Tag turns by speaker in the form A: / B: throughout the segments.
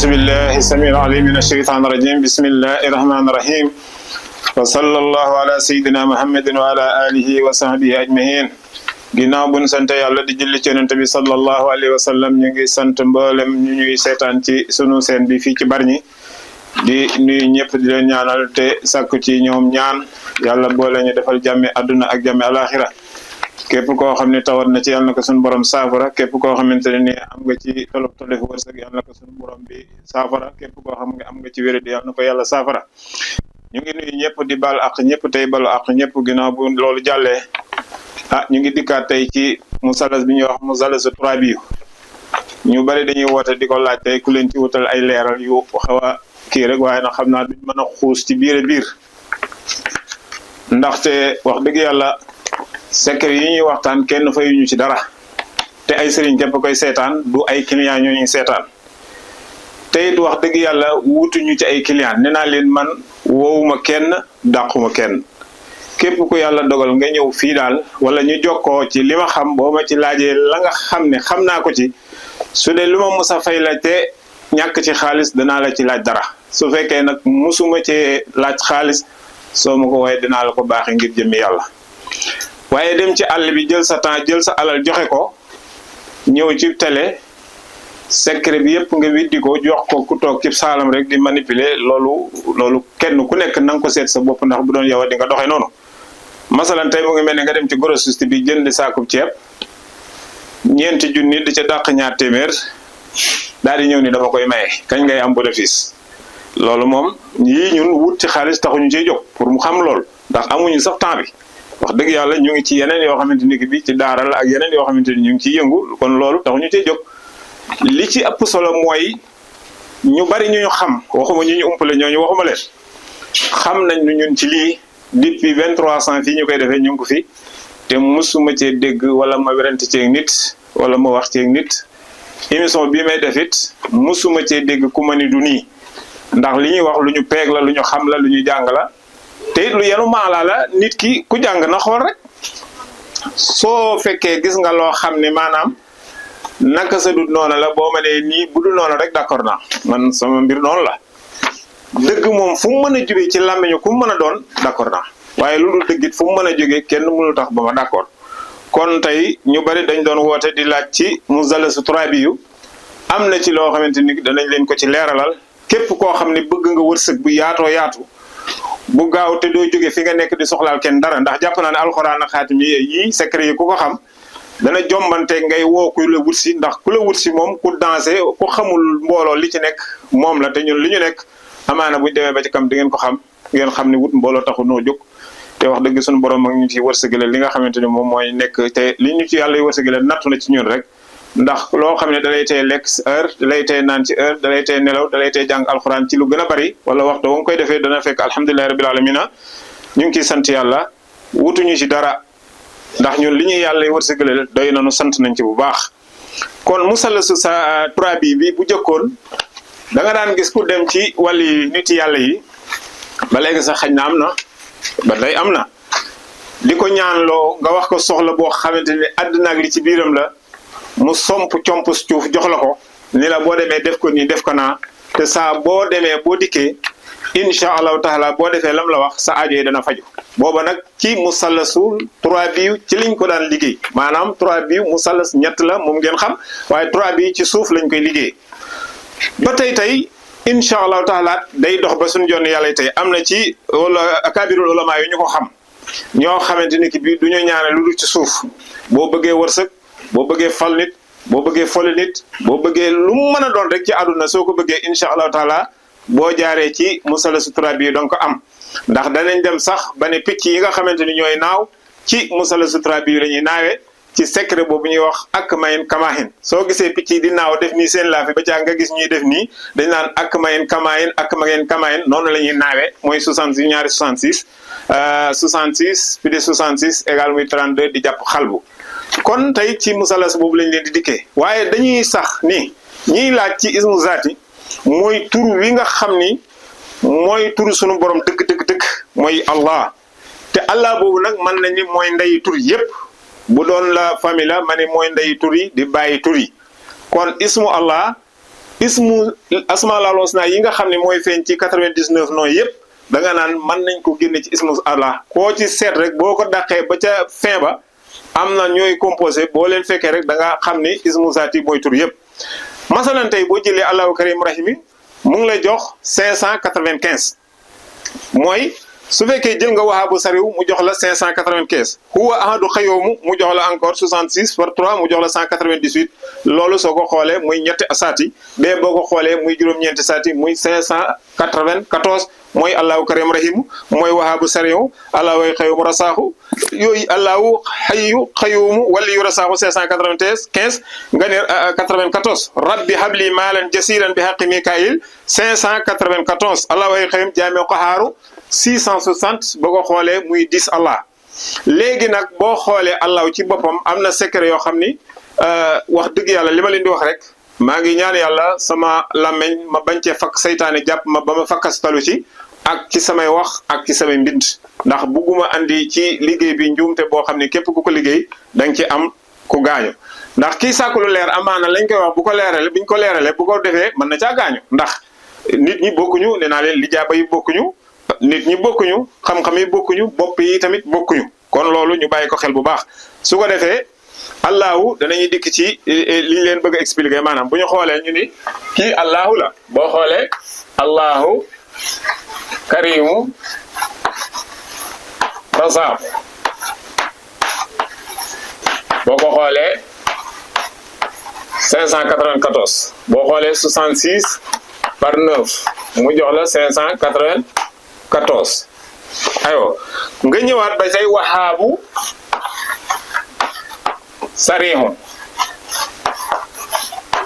A: أعوذ بالله السميع العليم من الشيطان الرجيم بسم الله الرحمن الرحيم وصلى الله على سيدنا محمد وعلى آله وصحبه أجمعين ginnaaw bu ñu sant yàlla di julli ci yonent bi sallallahu alayhi wa sallam ñu ngi sant mboolem ñu ñuy seetaan ci sunu seen bi fii ci Bargny di nuyu ñëpp di leen ñaanal te sàkku ci ñoom ñaan yàlla boole ñu defal jàmme àdduna ak jàmme alaxira képp koo xam ne tawat na ci yàlla na ko suñu borom saafara képp koo xamante ne ni am nga ci tolof tolof wërsëg yàlla na ko suñu borom bi saafara képp koo xam nga am nga ci wéradi yàlla na ko yàlla saafara ñu ngi nuyu ñëpp di bal ak ñëpp tey balu ak ñëpp ginnaaw bu loolu jàllee ah ñu ngi dikkaat tey ci musalas bi ñuy wax musalasu turabi ñu bëri dañuy woote di ko laaj tey ku leen ci wutal ay leeral yu xaw a kii rek waaye nag xam naa duñ mën a xuus ci biir biir secret yi ñuy waxtaan kenn fayuñu ci dara te ay sëriñ képp koy seetaan du ay client ñoo ñuy seetaan te wax dëgg yàlla wutuñu ci ay client nee naa leen man woowuma kenn dàquma kenn képp ku yàlla dogal nga ñëw fii daal wala ñu jokkoo ci li ma xam boo ma ci laajee la nga xam ne xam naa ko ci su dee lu ma mus fay la te ñàkk ci xaalis danaa la ci laaj dara su fekkee nag musuma cee laaj xaalis soo ma ko waaye dinaa la ko baaxee ngir jëmmi yàlla waye dem ci all bi jël sa temps jël sa alal joxe ko ñew ci télé secret bi yépp nga weddi ko jox ko ku tok ci salam rek di manipuler lolu lolu kenn ku nekk na ko set sa bop ndax bu doon yow di nga doxé nonu masalan tay mo ngi melni nga dem ci grossiste bi jënd saakub ceeb ñeenti junni di ci dakk ñaar témèr daal di ñew ni dama koy maye kañ ngay am bénéfice lolu mom ñi ñun wut ci taxu ñu ci jox pour mu xam lolu ndax amuñu sax temps bi wax deug yalla ñu ngi ci yeneen yo xamanteni ki bi ci daara la ak yeneen yo xamanteni ñu ngi ci yëngu kon loolu tax ñu ci jóg li ci ëpp solo moy ñu bari ñu xam waxuma ñu ñu umpale ñooñu waxuma leen xam nañ ñu ñun ci li depuis 2300 fi cent fii ñu koy defee ñu ngi ko fi té musuma ci dégg wala ma wérante ci nit wala ma wax ci nit émission bi may defit musuma ci dégg ku ma ni du ni ndax li ñuy wax lu ñu peeg la lu ñu xam la lu ñu jàng la te it lu yenu maanaa la nit ki ku jàng na xool rek soo fekkee gis nga loo xam ne maanaam naka sa dut noonu la boo ma nee nii bu dul noonu rek d'accord naa man sama mbir noonu la dëgg moom fu mu mën a jógee ci làmmiñu ku mën a doon d'accord naa waaye lu dul fu mën a jógee kenn mënul tax ba ma d'accord kon tey ñu bari dañ doon woote di laaj ci Mujallas Turabi am na ci loo xamante ni danañ leen ko ci leeralal képp koo xam ne bëgg nga wërsëg bu yaatoo yaatu bu gaaw te doo jóge fi nga nekk di soxlaal kenn dara ndax jàpp naa ne alxuraan ak xaatim yi secret yi ko xam dana jombante ngay woo ku la wut si ndax ku la wut si moom ku dansé ku xamul mbooloo li ci nekk moom la te ñun li ñu nekk amaana buñ demee ba ci kam di ngeen ko xam ngeen xam ne wut mbooloo taxu noo jóg te wax dëgg suñu borom ak ñu ci wërsëgale li nga xamante ni moom mooy nekk te li ñu ci yàlla wërsëgale nattu na ci ñun rek ndax loo xam ne dalay tey lekk si heure dalay tey naan ci heure dalay tey nelaw dalay tey jàng alxuraan ci lu gën a bari wala waxtu wa nga koy defee dana fekk alhamdulilahi rabbil alamina ñu ngi ciy sant yàlla wutuñu ci dara ndax ñu li ñuy yàlla wërsëgalal doy nañu sant nañ ci bu baax kon musallasu sa trois bi bi bu jëkkoon da daan gis ku dem ci wàlli nit yàlla yi ba léegi sax xañ na am na ba day am na di ko loo nga wax ko soxla boo xamante ne àddina ak ci biiram la mu somp compus cuuf jox la ko ni la boo demee def ko nii def ko naa te saa boo demee boo dikkee incha allahu taala boo defee lam la wax sa aajo yi dana faju booba nag ci mu musallasul trois biyu ci liñ ko daan liggéey maanaam trois biyu musallas ñett la moom ngeen xam waaye trois biyu ci suuf lañ koy liggéey ba tey tey incha allahu taala day dox ba suñu joon yàlla tey am na ci wala akabirul ulama yu ñu ko xam ñoo xamante ni ki bi du ñu ñaane lu ci suuf boo bëggee wërsëg bo beugé fal nit bo beugé fal nit bo beugé lu mu mën doon rek ci aduna soko beugé insha allah taala bo jaaré ci musala sutra bi dong am ndax danañ dem sax bané picci yi nga xamanteni ñoy naaw ci musala sutra bi la ñuy ci secret bobu ñuy wax ak mayen kamaahin so gisé picci di naaw def ni seen lafi ba caa nga gis ñuy def ni dañ naan ak mayen kamaahin ak mayen kamaahin non lañuy naawé moy 60 66 ñaari 66 66 euh, plus 66 égal 32 di japp xalbu kon tey ci musalas boobu lañ leen di dikkee waaye dañuy sax ni ñiy laaj ci ismu zaati mooy tur wi nga xam ni mooy tur sunu borom dëkk dëkk dëkk mooy Allah te Allah boobu nag mën nañu mooy ndeyi tur yépp bu doon la famille la ma mooy ndeyi tur yi di bàyyi tur yi kon ismu Allah ismu asmaa laal husna yi nga xam ne mooy feeñ ci quatre-vingt-dix-neuf noonu yépp da naan mën nañ ko génne ci ismu Allah koo ci seet rek boo ko dàqee ba ca fin ba. am na ñooy composé boo leen fekkee rek da nga xam ni ismu zaati mooy tur yëpp masalan tey boo jëlee allahu karim rahimi mu ngi lay jox cinq cent quatre-vingt-quinze mooy su fekkee jël nga waxaabu sariw mu jox la 595 huwa ahadu xayoomu mu jox la encore 66 par 3 mu jox la 198 loolu soo ko xoolee muy ñetti saati bee boo ko xoolee muy juróom-ñeenti saati muy 594 mooy allahu karim rahim mooy waxaabu sariw allahu xayoomu rasaaxu yooyu allahu xayu xayoomu wala yu rasaaxu 595 15 nga ne 94 rabbi habli maalan jasiran bi xaqi mikail 594 allahu xayum jaamee ko xaaru 660 boko xolé muy 10 allah légui nak bo xolé allah ci bopam Amna sekere secret yo xamni euh wax deug yalla Magi ma leen di wax rek ma ngi ñaan yalla sama làmmeñ ma bañ fak fakk japp ma bama fakas talu ci ak ci samay wax ak ci samay mbind ndax buguma andi ci liggéey bi njuumte boo xam ne képp ku ko liggéey dang ci am ku gaañu ndax kii sàkku lu leer amana lañ koy wax bu ko leerale buñ ko leerale bu ko defee man na ca gaañu ndax nit ñi leen yi ñu nit ñi bokkuñu xam-xam yi bokkuñu bopp yi tamit bokkuñu kon loolu ñu bàyyi ko xel bu baax su ko defee allahu danañuy dikk ci eh, eh, liñ leen bëgg a expliquer maanaam bu ñu xoolee ñu ni kii allahu la boo xoolee allahu karimu razaaq boo ko xoolee 594 boo xoolee 66 par 9 mu jox la 594 quatorze ayo nga ñëwaat ba say waxaabu sarihun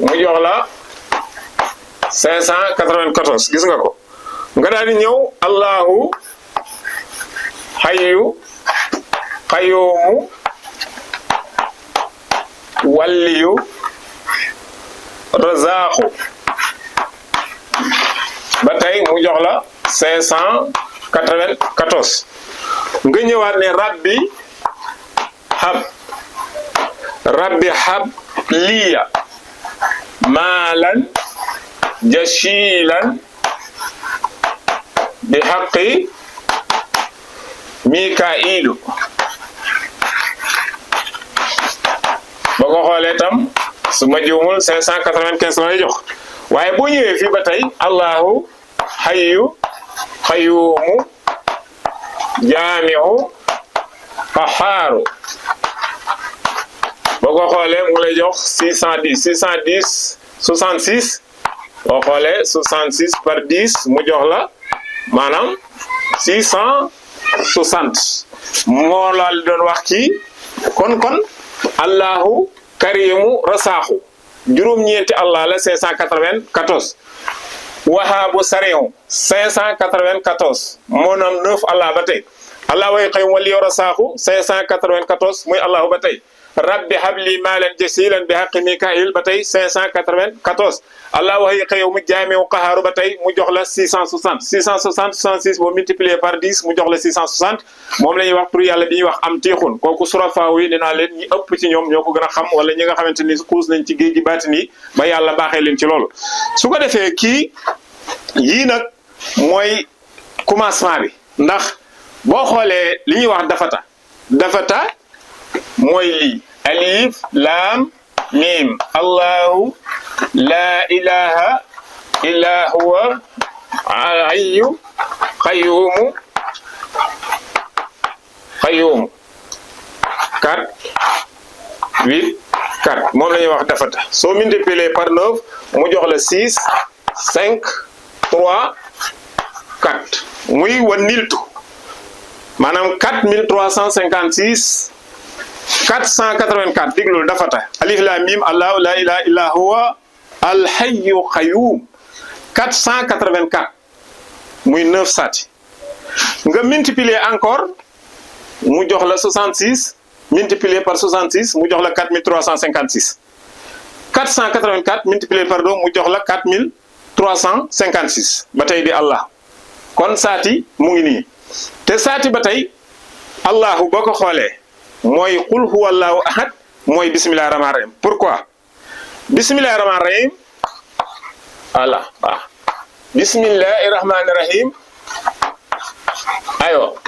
A: mu jox cinq cent quatre-vingt-quatorze gis nga ko nga daal ñëw allahu xayu xayoomu walliyu razaaxu ba tey mu jox cinq cent quatre-vingt-quatorze nga ñëwaat ne rabbi hab rabbi hab liya maalan jashilan bi haqqi mikailu ba ko xoolee tam su ma juumul cinq cent quatre-vingt-quinze waaye bo ñëwee fii ba tey allahu hayyu qayyumu جامع qahaaru boo ko xoolee lay jox 610 610 66 boo xoolee 66 par 10 mu jox la maanaam 660 mo la doon wax ci kon kon allahu karimu rasaaxu jurum ñenti allah la 594 wahabu sareon 594 monom 9 allah ba tey allah way xey wali yoro saxu 594 muy allah ba tey rabbi habli malan jasilan bi haqqi mikail ba tey 594 allah waxe xew mu jaame wu qaharu ba tey mu jox la 660 660 66 boo multiplier par 10 mu jox la 660 moom la ñuy wax pour yàlla bi ñuy wax am tiixun kooku surafa yi dinaa leen ñi ëpp ci ñoom ñoo ko gën a xam wala ñi nga xamante ni xuus nañ ci géej gi baati nii ba yàlla baaxee leen ci loolu su ko defee kii yii nag mooy commencement bi ndax boo xoolee li ñuy wax dafata dafata mooy lii alif laam miim allahu laa ilaha illa huwa alhayyu qayyumu qayyumu quatre huit quatre moom la wax dafata soo multiplier par neuf mu jox la six cinq trois quatre muy wa niltu maanaam quatre mille trois cent cinquante six 484 diglul dafata alif lam mim allah la ilaha illa huwa al hayyu qayyum 484 muy 9 sati nga multiplier encore mu jox la 66 multiplier par 66 mu jox la 4356 484 multiplier par do mu jox la 4356 batay di allah kon sati mu ngi ni te sati batay allah allahu boo moy qul huwa allahu ahad moy bisimilah rahman rahim pourquoi bisimilah rahman rahim ala ba bisimilahi rahman rahim ayo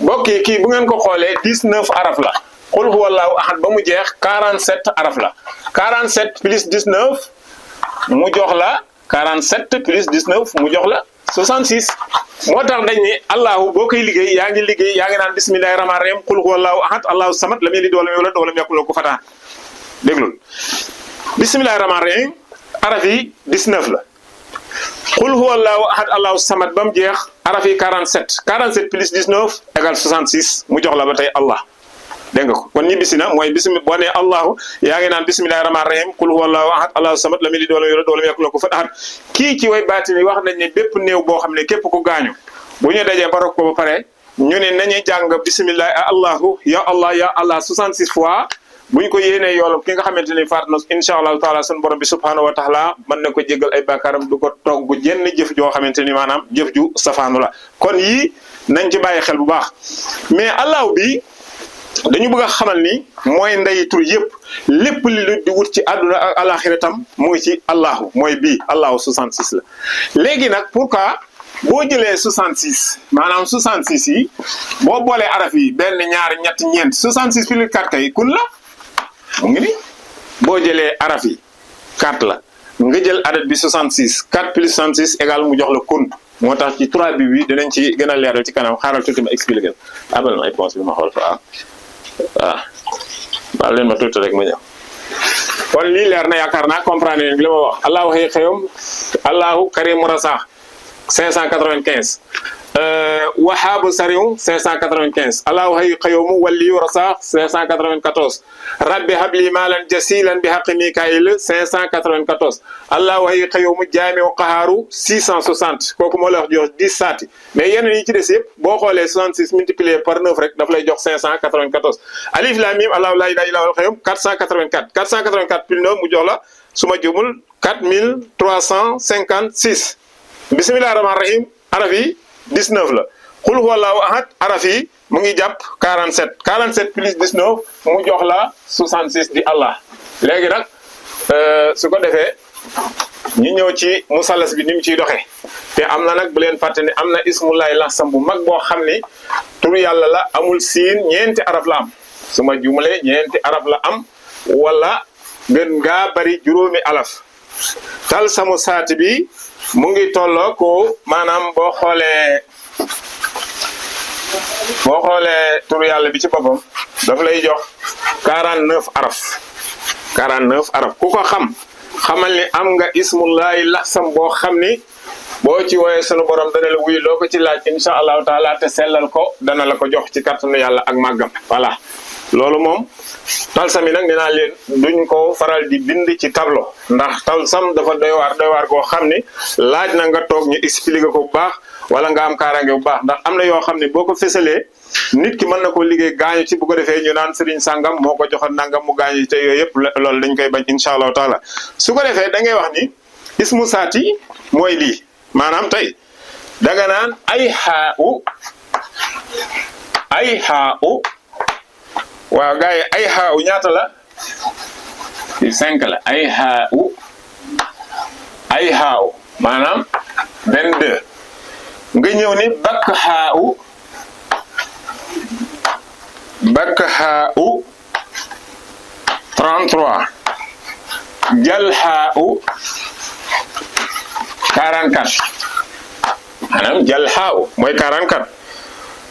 A: bokki ki bu ngeen ko xolé 19 araf la qul huwa allahu ahad ba mu jeex 47 araf la 47 plus 19 mu jox la 47 plus 19 mu jox la 66 moo tax dañ ne allahu boo koy liggéey yaa ngi liggéey yaa ngi naan bismillahi rahmaani rahim qul huwallahu ahad allahu samad lam yalid walam yulad walam yakul lahu kufuwan ahad déglul bismillahi rahmaani rahim araf yi 19 la qul huwallahu ahad allahu samad bam jeex araf yi 47 47 plus 19 égale 66 mu jox la ba tey allah dégg nga ko kon ñibbisi na mooy bismi boo nee allahu yaa ngi naan bismillahi rahmaani rahim qul huwa allahu ahad allahu samad lam yalid walam yulad walam yakun lahu kufuwan ahad kii ci way baatini wax nañ ne bépp néew boo xam ne ne nañuy jàng bismillahi ah, allahu ya allah ya nga xamante ni faat na incha allahu taala sun borom bi na ko ay bàkkaaram du ko togg jenn jëf joo xamante ni maanaam jëf ju safaanu la kon yi nañ ci bàyyi xel bu baax mais allahu bi dañu bëgg a xamal ni mooy ndey tur yëpp lépp li di wut ci àdduna ak alaxira tam mooy ci allahu mooy bii allahu 66 la léegi nag pourquoi boo jëlee 66 maanaam 66 yi boo boolee araf yi benn ñaar ñett ñeent 66 plus 4 kay kun la mu boo jëlee araf yi 4 la nga jël adat bi 66 4 plus 66 égal mu jox la kun moo tax ci 3 bi bi dinañ ci gën a leeral ci kanam xaaral tuuti ma expliqué abal ma ay ponse bi ma xool fa waaw ah. baal leen ma tuuti rek ma ñëw kon lii leer na yaakaar naa comprendre leen li ma wax allahu xëy xëyam allahu karim rasa 595 wahaabu sariw 595 allahu hayyu qayyumu waliyu rasakh 594 rabbi habli malan jasilan bi haqqi mikail 594 allahu hayyu qayyumu jaamiu qaharu 660 kooku moo la wax jox 10 saati mais yeneen yi ci des yëpp boo xoolee 66 multiplié par 9 rek daf lay jox 594 alif lam mim allahu la ilaha illa huwal qayyum 484 484 plus 9 mu jox la su ma jumul 4356 bismillahir rahmanir rahim araf yi 19 la xul huwallahu ahad arafi mu ngi japp 47 47 plus 19 mu jox la 66 di allah nak euh su ko defé ñu ñëw ci musallas bi nim ci doxé té amna nak bu len faté ni amna na ismullahi laxsam bu mag bo xamni ni tur yàlla la amul sin ñeenti araf la am suma jumlé jumlee ñeenti araf la am wala ben nga bari juroomi alaf tal samu saati bi mu ngi tolloo ko maanaam boo xoolee boo xoolee tur yàlla bi ci boppam daf lay jox quarante neuf araf quarante neuf araf ku ko xam xamal ni am nga ismullahi laxsam boo xam ni boo ci woowee sunu borom dana la wuyu loo ko ci laaj incha allahu taala te sellal ko dana la ko jox ci kàttanu yàlla ak màggam voilà lolu mom, talsam ni dina nee duñ ko faral di bind ci tablo ndax talsam dafa doy war doy war go xamni laaj na nga tok ñu expliquer ko bax wala nga am karange bu bax ndax amna na xamni boko fesselé ko nit ki man nako liggé gañu ci bu ko defee ñu naan serigne sangam moko ko nangam mu gañu te yoy yep lolu dañ koy bañ inshallah taala su ko defee da ngay wax ni ismu sati moy li manam tay da nga naan ay xaa u ay xaa u waaw gars yi ay xaaw ñaata la ci cinq la ay xaaw ay xaaw maanaam vingt deux nga ñëw ni bakk xaaw bakk xaaw trente trois jal xaaw quarante quatre maanaam jal xaaw mooy quarante quatre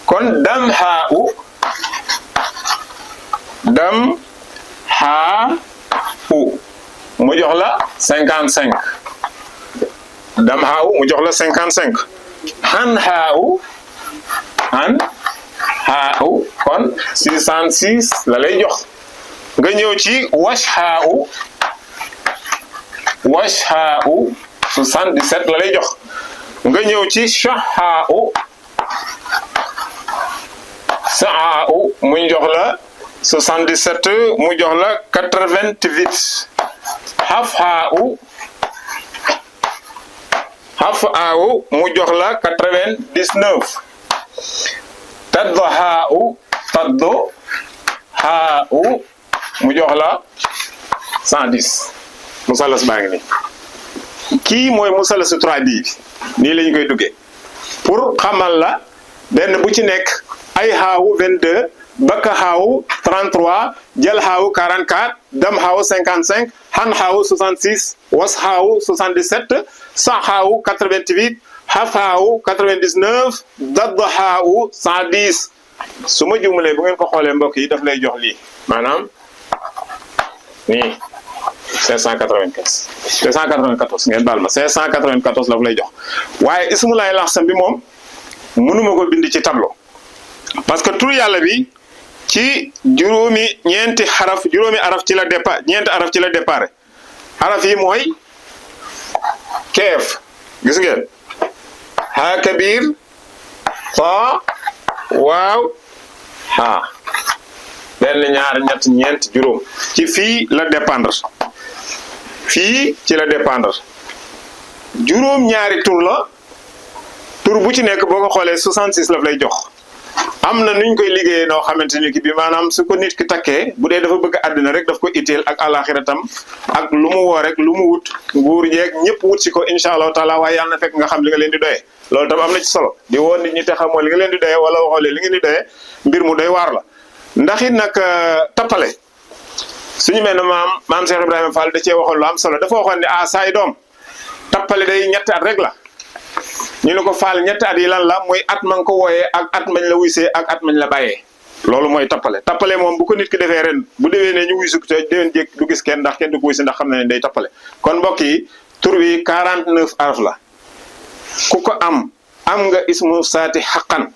A: kon dam xaaw dam xaa u mu jox la cinquante cinq dam xaa u mu jox la cinquante cinq xan xaa u xan xaa u kon six cent six la lay jox nga ñëw ci wash xaa u wash xaa u soixante dix sept la lay jox nga ñëw ci saxaa u saxaa mu joxla 77 mu jox la 88 xafaa u xafaa u mu jox la 99 taddo xaa u taddo xaa u mu jox la 110 musalas baa ngi ni kii mooy musalasu 3 bi nii la ñu koy duggee pour xamal la benn bu ci nekk ay xaawu 22 baka xaawu 33 jal xaawu 44 dam xaawu 55 kan han xaawu 66 was xaawu 77 sa xaawu 88 haf xaawu 99 dad xaawu 110 suma ma bu ngeen ko xoolee mbok yi daf lay jox li manam ni 595 594 ngeen baal 594 la lay jox waye ismu laay laxsam bi mom munuma ko bind ci tableau parce que tout yalla bi ci juróomi ñeenti xaraf juróomi araf ci la départ ñeenti araf ci la départ araf yi mooy keef gis ngeen ha kabir ta waaw ha benn ñaar ñett juróom ci fii la dépendre fii ci la dépendre juróom ñaari tur la tur bu ci nekk boo ko xoolee 66 lay jox am na nuñ koy liggéeyee noo xamante ni ki bi maanaam su ko nit ki takkee bu dee dafa bëgg àddina rek daf ko itteel ak alaxira tam ak lu mu woo rek lu mu wut nguur yeeg ñëpp wut si ko incha allahu taala waaye yàlla na fekk nga xam li nga leen di doyee loolu tam am na ci solo di woon nit ñi te xamoo li nga leen di doyee wala waxoo leen li ngeen mbir mu doy waar la ndax it nag euh, tappale suñu mel ne maam maam Cheikh Ibrahima Fall da cee waxoon lu solo dafa waxoon ne ah, saay doom tappale day ñetti rek la ñu ne ko faal ñetti at lan la mooy at ma nga ko wooyee ak at mañ la wuy wuysee ak at mañ la bàyyee loolu mooy tappale tappale moom bu ko nit ki defee ren bu déwee ne ñu wuy suk te déwén jéeg du gis kenn ndax kenn du ko wuysi ndax xam ne day tappale kon mbokk yi tur bi 49 araf la ku ko am am nga ismu saati xaqan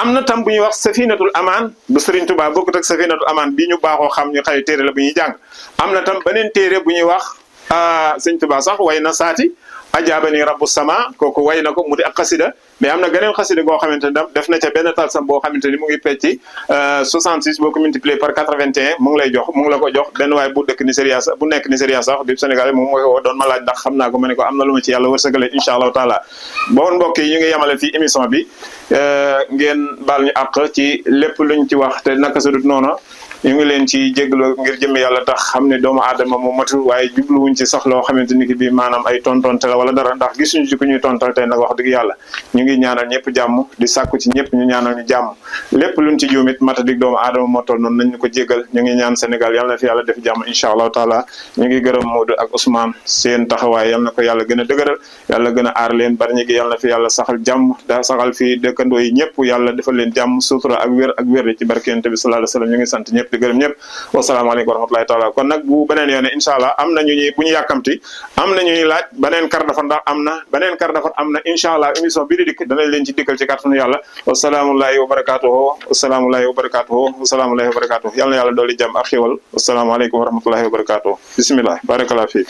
A: am na tam bu ñuy wax safinatul amaan bu Serigne Touba bokkut ak safinatul amaan bi ñu baaxoo xam ñu xëy téere la bu ñuy jàng am na tam beneen téere bu ñuy wax ah, Serigne Touba sax way na saati ajaabani rabbu sama kooku way ko mu di ak xasida mais am na geneen xasida goo xamante ne def na ca benn talsam boo xamante ni mu ngi pecci 66 euh, boo ko multiplier par 81 mu ngi lay jox mu ngi la ko jox benn waay bu dëkk Nigéria sax nekk Nigéria sax bi Sénégal moom mooy woo doon ma laaj ndax xam naa ko ma ne ko am na lu ma ci yàlla wërsëgale incha allahu taala bon mbokk ñu ngi yemale fii émission bi euh, ngeen baal ñu àq ci lépp luñ ci wax te naka sa dut noonu ñu ngi leen ci jeglo ngir jëmm yàlla tax xam ne doomu aadama moo matul waaye jubluwuñ ci sax loo xamante ni ki bii maanaam ay tontonte la wala dara ndax gisuñu ci ku ñuy tontal tey wax dëgg yàlla ñu ngi ñaanal ñëpp jàmm di sàkku ci ñëpp ñu ñaanal ñu jàmm lépp luñ ci juumit matadik doomu aadama moo toll noonu nañ ko jégal ñu ngi ñaan Sénégal yàlla na fi yàlla def jàmm incha allahu taala ñu ngi gërëm Modou ak Ousmane seen taxawaay yàlla na yàlla gën a dëgëral yàlla gën a aar leen bari ñi gi yàlla na yàlla saxal jàmm da saxal fi dëkkandoo yi ñëpp yàlla defal leen jàmm sutura ak wér ak wér ci barkeente bi sallallahu alayhi wasallam ñu ngi sant ñëpp di a ñëpp wasalaamaaleykum wa rahmatulahi taala kon nag bu beneen yoone incha allah am nañu ñuy bu ñu yàkkamti am nañu ñuy laaj beneen kar dafa ndax am na beneen kar dafa am na allah émission bii di dikk danañ leen ci dikkal ci kàttanu yàlla wasalaamulahi wa barakatuhu wasalaamulahi wa barakatuhu wasalaamulahi wa barakatuhu yàlla na yàlla dooli jàmm ak xiwal wasalaamaaleykum wa rahmatulahi wa barakatuhu bisimilah barakalaa fiik